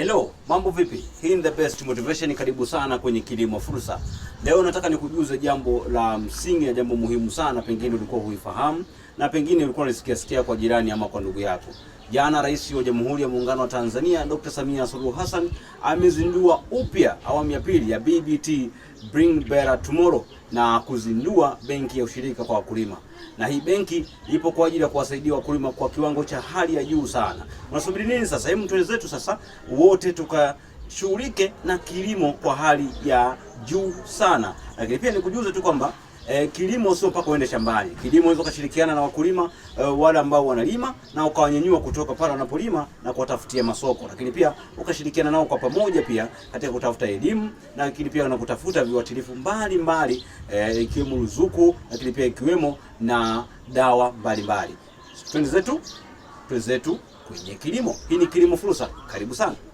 Hello Mambo vipi? Hii ni the best motivation, karibu sana kwenye Kilimo Fursa. Leo nataka nikujuze jambo la msingi na jambo muhimu sana, pengine ulikuwa huifahamu na pengine ulikuwa unasikia sikia kwa jirani ama kwa ndugu yako. Jana Rais wa Jamhuri ya Muungano wa Tanzania Dr. Samia Suluhu Hassan amezindua upya awamu ya pili ya BBT Bring Better Tomorrow na kuzindua benki ya ushirika kwa wakulima, na hii benki ipo kwa ajili ya kuwasaidia wakulima kwa kiwango cha hali ya juu sana. Unasubiri nini sasa? Hebu tuende zetu sasa wote tuka tukashughulike na kilimo kwa hali ya juu sana. Lakini pia nikujuze tu kwamba E, kilimo sio mpaka uende shambani. Kilimo unaweza ukashirikiana na wakulima e, wale ambao wanalima na ukawanyanyua kutoka pale wanapolima na kuwatafutia masoko, lakini pia ukashirikiana nao kwa pamoja pia katika kutafuta elimu, lakini pia na kutafuta viuatilifu mbalimbali e, eh, ikiwemo ruzuku, lakini pia ikiwemo na dawa mbalimbali. Twende zetu, twende zetu kwenye kilimo. Hii ni Kilimo Fursa, karibu sana.